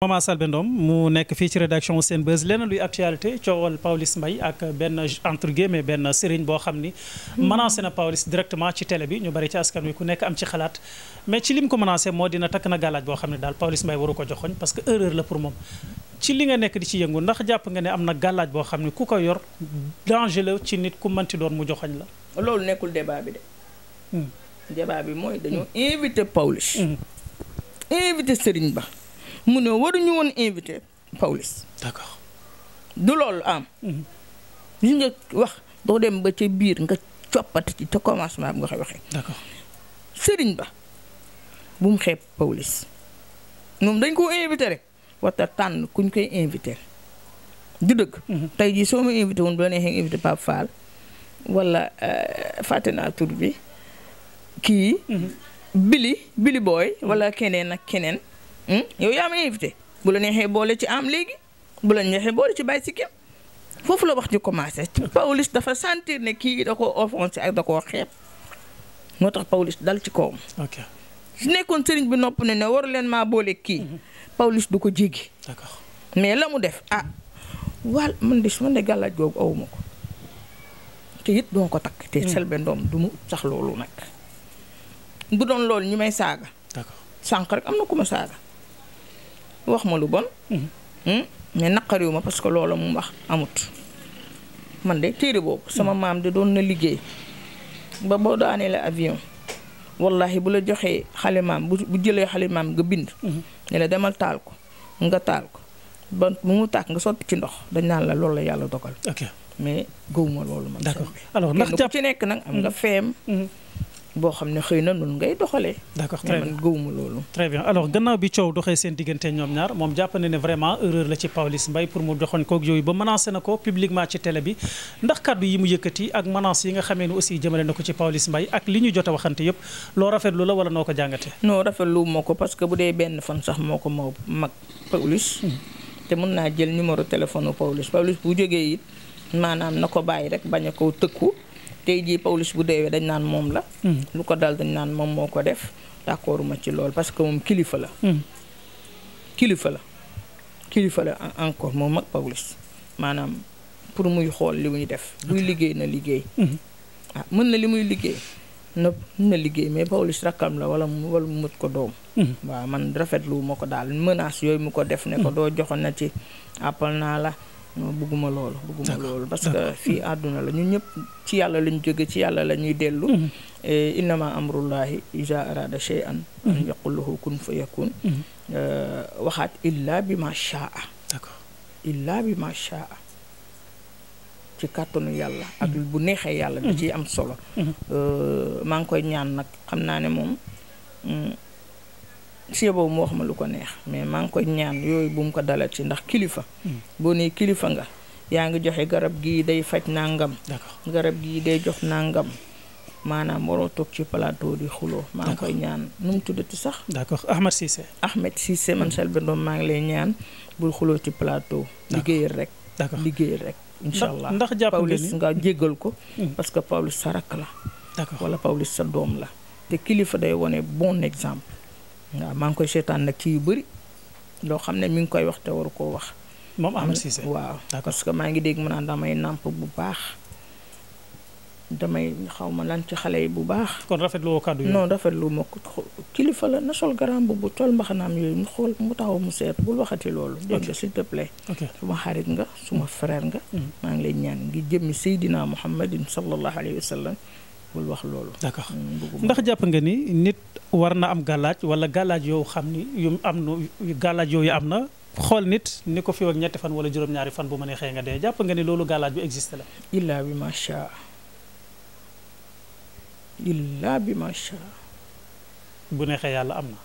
Mama Selbé Ndom mu nekk fii ci rédaction Senbuzz leneen luy actualité coowal Pawlish Mbaye ak benn entre guillemets benn sëriñ boo xam ni hmm. menacé na paolis directement ci télé bi ñu bari ci askan wi ku nekk am ci xalaat mais ci lim ko menacé moo dina takk na gàllaaj boo xam ne daal Pawlish Mbaye waru ko joxoñ parce que erreur la pour moom ci li nga nekk di ci yëngu ndax jàpp nga ne am na gàllaaj boo xam ne ku ko yor danger la ci nit ku mënti doon mu joxoñ la loolu nekkul débat bi de hmm. bi mooy dañoo hmm. invité Pawlish invité Serigne Ba mu ne waruñu woon invité Pawlish d'accord du loolu am mhm. li nga wax doo dem ba ca biir nga coppati ci te commencement bi nga koy waxee sëriñ ba bu mu xeeb Pawlish moom dañ ko invité rek waxta tànn kuñ koy invité du dëgg mhm. tey jii soo ma invité woon bu la neexee invité Pape Fall wala euh, fàtte naa tur bi kii mhm. Billy Billy Boy wala keneen ak keneen Hmm? yow yaa may invité bu la neexee boole ci am léegi bu la neexee boole ci bàyyi si kéem foofu la wax ci commencé hmm. Pawlish dafa sentir ne kii da koo offensé ak da koo xeeb moo tax Pawlish dal ci kawam. ok su nekkoon sëriñ bi nopp ne ne waru leen maa boole kii hmm. Pawlish du ko jéggi. d'accord mais la mu def ah wal man de su ma ne gàllaaj googu awuma ko te it doo ko takk. te Selbé Ndom du mu sax loolu nag. bu doon loolu ñu may saaga. d'accord sànq rek am na ku ma saaga. wax ma lu bon. Hmm? mais naqariwu ma parce que loola mu wax amut. man de téere boobu sama hmm. maam de doon na liggéey ba boo daanee la avion wallahi bu la joxee xalimaam bu bu jëlee xalimaam nga bind. Hmm. ne la demal taal ko nga taal ko ba mu mu tàkk nga sotti ci ndox dañ naan la loolu la yàlla dogal. mais gëwuma loolu man. d'accord ci nekk nag nga feem. boo xam ne xëy na noonu ngay doxalee. d'accord man gëwuma loolu. très bien alors gannaaw bi coow doxee seen diggante ñoom ñaar moom jàpp ne vraiment erreur la ci Pawlish Mbaye pour mu doxoon koog yooyu ba menacé na ko publiquement ci télé bi ndax kàddu yi mu yëkkati ak menaces yi nga xamee ni aussi jëmale na ko ci Pawlish Mbaye ak li ñu jot a waxante yëpp loo rafetlu la wala noo ko jàngatee. non rafetlu moo ko parce bu dee benn fan sax moo ko mag Pawlish hmm. a tey jii Pawlish bu deewee dañ naan moom la. Hmm. lu ko dal dañ naan moom moo ko def d'accord ma ci loolu parce que moom kilifa la. Hmm. kilifa la kilifa la encore moom mag Pawlish maanaam pour muy xool li muy def. buy liggéey na liggéey. Hmm. ah mën na li muy liggéey. na na liggéey mais Pawlish rakkam la wala mu wala ko doom. waaw man rafetlu ma ko daal menace yooyu mu ko def. ne ko doo joxoon na ci appal naa la. non bëgguma loolu bëgguma loolu parce que fii àdduna la ñu ñëpp ci yàlla lañu jóge ci yàlla la ñuy dellu mm-hmm. eh, innama amrullahi iza arada shay'an an mm-hmm. yaqul lahu kun fa yakun mm-hmm. eh, waxaat illa bi ma shaa d'accord illa bi ma shaa ci kàttanu yàlla ak bu neexee yàlla da ciy am solo eh, maa ngi koy ñaan nag xam naa ne moom mm, monsieur boobu mu wax ma lu ko neex mais maa ngi koy ñaan yooyu bu mu ko dalal ci ndax kilifa. Hmm. boo nee kilifa nga. yaa ngi joxe garab gii day faj nangam. garab gii day jox nangam. maanaam waroo toog ci plateau di xuloo. maa ngi koy ñaan nu mu tuddati sax. d'accord Ahmed Cissé. Ahmed Cissé man hmm. Selbé Ndom maa ngi lay ñaan bul xuloo ci plateau. liggéeyal rek. d'accord liggéeyal rek. incha allah ndax jàpp nga Pawlish nga jéggal ko. Hmm. parce que Pawlish sa rakk la. d'accord wala sa doom la. te kilifa day wone bon exemple. waaw maa ngi koy seetaan nag ci yu bëri loo xam ne mi ngi koy wax te waru koo wax. moom Ahmed Cissé waaw. parce que maa ngi dégg mu naan damay nàmp bu baax damay xaw ma lan ci xale yi bu baax. kon rafetlu kàddu yi. rafetlu ma ko kilifa la na sol garam bu tool mbaxanaam yooyu mu xool mu taxaw mu seet bul waxati loolu. dégg nga s'il te suma xarit nga suma frère nga. Mm-hmm. maa ngi lay ñaan ngi jëmmi Seydina Muhammadin sallallahu alayhi wa sallam bul wax loolu. d'accord mm, ndax jàpp nga ni nit war na am gàllaaj wala gàllaaj yow xam ni yu am na gàllaaj yooyu am na xool nit ni ko fi ak ñetti fan wala juróom-ñaari fan bu ma neexee nga dee jàpp nga ni loolu gàllaaj bu illaa bi macha illaa bi bu neexee yàlla am na.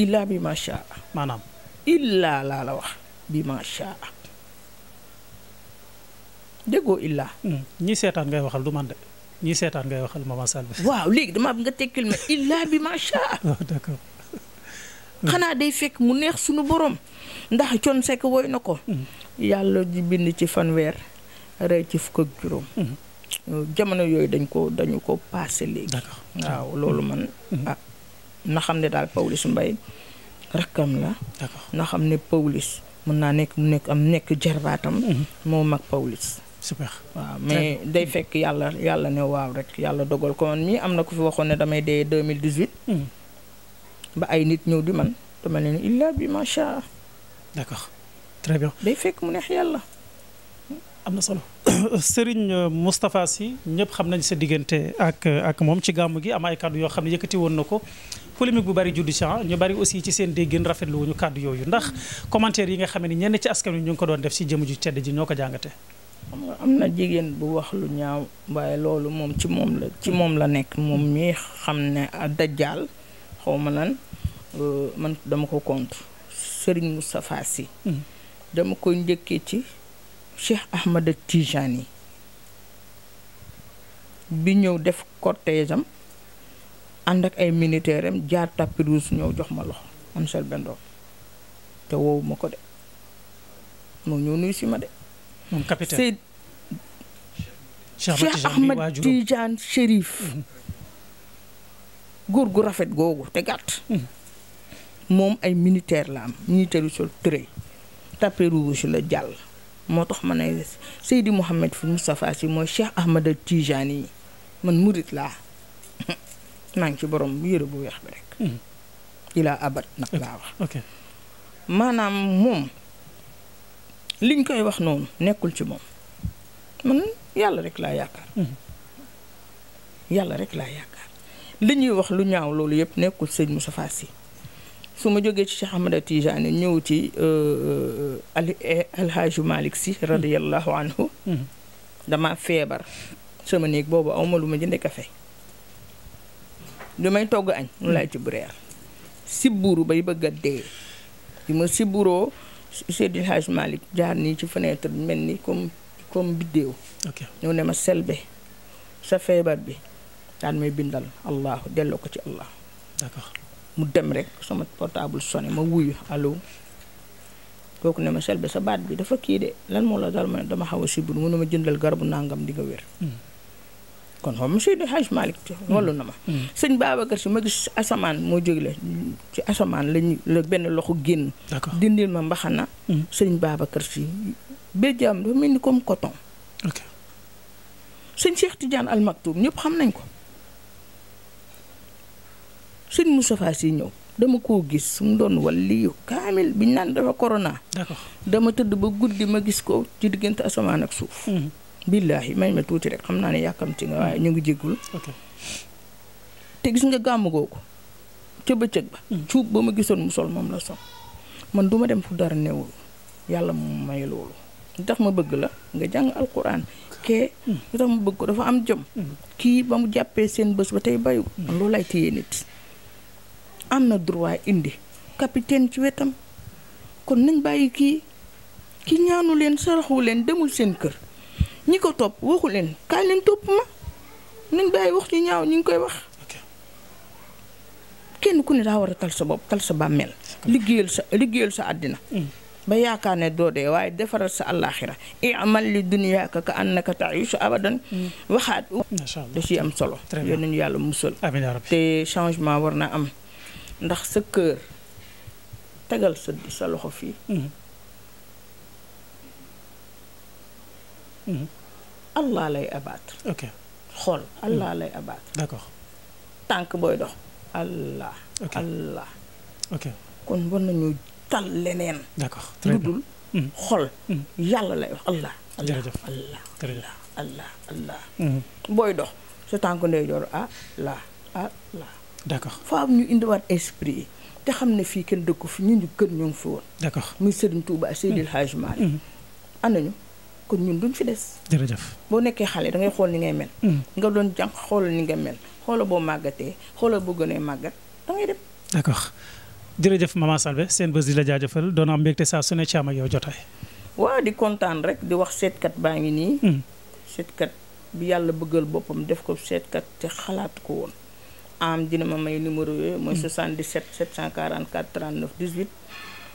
illaa bi macha. maanaam. illaa laa la wax bi macha. déggoo illaa. Hmm. ñi seetaan ngay waxal du man de. ñii seetaan ngay waxal maman Selbé. waaw léegi damaa nga tekkil ma illaa bi macha allah. waaw ah, xanaa day fekk mu neex suñu borom ndax con sekk woy na ko. Mm-hmm. yàlla ji bind ci fanweer rey ci fukk ak juróom. Mm-hmm. Euh, jamono yooyu dañ ko dañu ko paase léegi. waaw loolu man. Mm-hmm. Ah, na xam ne daal Pawlish mbay rakkam la. d'accord na xam ne Pawlish mën naa nekk mu nekk am nekk jarbaatam. moo mag Pawlish. super waaw mais day fekk yàlla yàlla ne waaw rek yàlla dogal ko man mii am na ku fi waxoon ne damay dee 2018. Hmm. ba ay nit ñëw di man dama leen illa bi macha allah. d'accord très bien. day fekk mu neex yàlla. am na solo Serigne euh, Moustapha Sy ñëpp xam nañ sa diggante ak euh, ak moom ci gàmm gi am ay kàddu yoo xam ne yëkkati woon na ko polémique bu bari juddu ci ah, ñu bari aussi ci seen déggin rafetlu wuñu kàddu yooyu ndax commentaire yi nga xam ne ñenn ci askan wi ñu ngi doon def si jëm ju tedd ji ñoo ko jàngatee. xam am na jigéen bu wax lu ñaaw waaye loolu moom ci moom la ci moom la nekk moom mii xam ne dajjaal xaw ma lan euh, man dama ko sëriñ mu safaat si dama ko njëkkee ci Cheikh Ahmada Tijani bi ñëw def cortège am ànd ak ay militaire am jaar tapis rouge ñëw jox ma loxo am sel bendoom te woowu ko de moo ñëw nuyu si ma de moom capitaine Cheikh Ahmad Tidiane Chérif mm-hmm. góor gu rafet googu te gàtt mm-hmm. moom ay militaire la am militaire yu sol turé tapé rouge la jàll moo tax ma ne Seydi Mouhamed fi Moustapha si mooy Cheikh Ahmad Tidiane yi man murit laa maa ngi ci borom bu yëre bu weex bi rek mm-hmm. ilaa abat nag laa wax maanaam moom li liñ koy wax noonu nekkul ci moom man yàlla rek laa yaakaar mhm. yàlla rek laa yaakaar li ñuy wax lu ñaaw loolu yëpp nekkul sëñ Moustapha Sy su ma jógee ci Cheikh Ahmada Tidiane ñëw ci euh, euh, Ali Alhaaju malik si radiyallahu anhu mhm. dama feebar sama néeg boobu awma lu ma jënde kafe lu may togg añ lu mhm. laay ci bu sibburu bay bëgg dee li ma sibburoo Seydi Hadj Malick jaar nii ci fenêtre bi mel ni comme comme biddéew ok ñëw ne ma selbe sa feebar bi daan may bindal allah delloo ko ci allah mu dem rek sama portable sonné ma wuyu allo kooku ne ma selbe sa baat bi dafa kii de lan moo la dal ma dama xaw a sibbiru mu ne jëndal garabu nàngam di nga wér hmm. kon moom monsieur de malik Malick loolu mm. na ma. Mm. sëñ Babacar si ma gis asamaan moo jógele ci asamaan lañu la benn loxo génn. dindil ma mbaxana. Mm. sëñ Babacar si am dafa mel ni comme coton. sëñ Cheikh Tidiane ñëpp xam nañ ko. sëñ Moustapha Sy ñëw dama ko gis mu doon waliyu kaamil bi ñu naan dafa corona. dama tëdd ba guddi ma gis ko ci diggante asamaan ak suuf. billaahi may ma tuuti rek xam naa ne yàkkamti nga waaye mm. ñu ngi jéggul te gis nga gàmm googu ca bëccëg ba mm. cuub ba ma gisoon mu sol moom la sol man duma dem fu dara newul yàlla mu may loolu lu tax ma bëgg la nga jàng alquran mm. kee lu tax ma bëgg ko dafa am jom kii ba mu jàppee seen bés ba tey bayu man loolu lay téye nit am na droit indi capitaine ci wetam kon nañ bàyyi kii ki ñaanu leen saraxu leen demul seen kër ñi ko topp waxu leen kaay leen topp ma nañ bàyyi wax ci ñaaw ñu ngi koy wax. kenn ku ne daa war a tal sa bopp tal sa bàmmeel. liggéeyal sa àddina. Mm. ba yaakaar ne doo dee waaye defaral sa àllaaxira i'mal li dunyaaka ka annaka ta'ishu abadan mm. waxaat da ciy am solo yéen nañu yàlla musal te changement war na am ndax sa kër tegal sa sa loxo fii mm-hmm. Mm-hmm. Allah lay abattre. ok xol hmm. Allah lay abattre. d'accord tànk booy dox. Allah. ok kon war nañu tal leneen. d'accord très bien xol hmm. dul. xool hmm. yàlla lay wax Allah. jërëjëf Allah Allah Allah Allah. booy dox sa tànk ndeyjoor Allah Allah. d'accord faaw ñu indiwaat esprit yi. te xam ne fii kenn dëkku fi ñu ñu gën ñoo fi woon. d'accord muy Serigne Touba Seydil Hadj Malick. ànd ñu. kon ñun duñ fi des. jërëjëf boo nekkee xale da ngay xool ni ngay mel. Mm. nga doon jàng xoolal ni nga mel xoolal boo màggatee xoolal boo gënee màggat da ngay dem. d'accord jërëjëf maman Selbé seen bés di la jaajëfal doon am mbégte saa su ne ci am ak yow jotaay. waaw di kontaan rek di wax seetkat baa ngi nii. Mm. seetkat bi yàlla bëggal boppam def ko seetkat te xalaatu ko woon. am dina ma may numéro yooyu mooy 77 744 39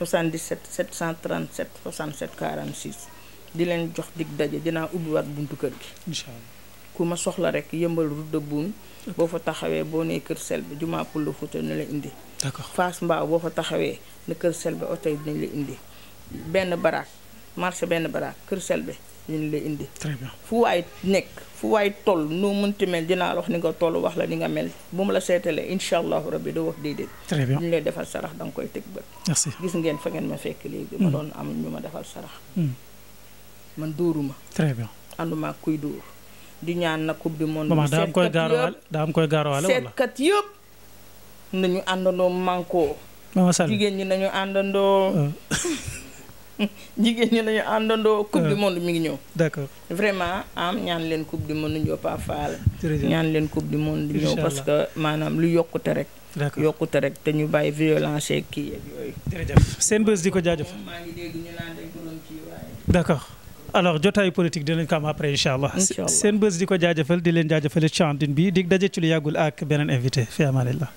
18 77 737 67 46. di leen jox dig daje dinaa ubbiwaat buntu kër gi. incha ku ma soxla rek yëmbal route de boo fa taxawee boo nee kër Selbé jumaa Pulo Fuuta ni la indi. d'accord Fass Mbao boo fa taxawee na kër Selbé oto yi dinañ la indi. benn baraak marché benn baraak kër Selbé dinañ la indi. très bien fu waay nekk fu waay toll noo mënti mel dinaa la wax ni nga toll wax la ni nga mel bu ma la seetalee incha allahu rabbi doo wax déedéet. très bien ñu lay defal sarax da nga koy teg bët. gis ngeen fa ngeen ma fekk léegi. ma mm. doon am ñu ma defal sarax. Mm. man dóoruma très bien ànduma ak kuy dóor di ñaan na coupe du monde daa am koy gaaruwaale daa am koy gaaruwaale wala seetkat yëpp nañu àndandoo mànkoo jigéen ñi nañu àndandoo euh. jigéen euh. mi ngi ñëw d'accord vraiment am ñaan leen coupe du monde Ndioppa Fall ñaan leen coupe du monde ñëw parce que maanaam lu yokkute rek yokkute rek te ñu bàyyi violence kii yeeg yooyu jërëjëf seen bés di ko jaajëf maa ngi alors jotaayu politique dinañ ko am après incha allah. seen bës di ko jaajëfal di leen jaajëfal ci andin bi di daje ci lu yàggul ak beneen invité fi amanillah